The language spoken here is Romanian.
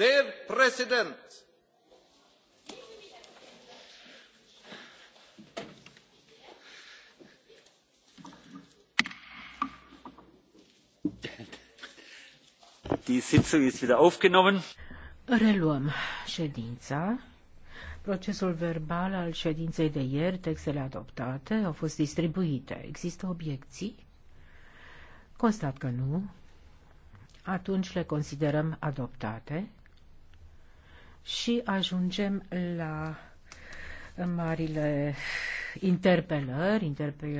der präsident! reluăm ședința. Procesul verbal al ședinței de ieri, textele adoptate, au fost distribuite. Există obiecții? Constat că nu. Atunci le considerăm adoptate. Și ajungem la marile interpelări, interpelări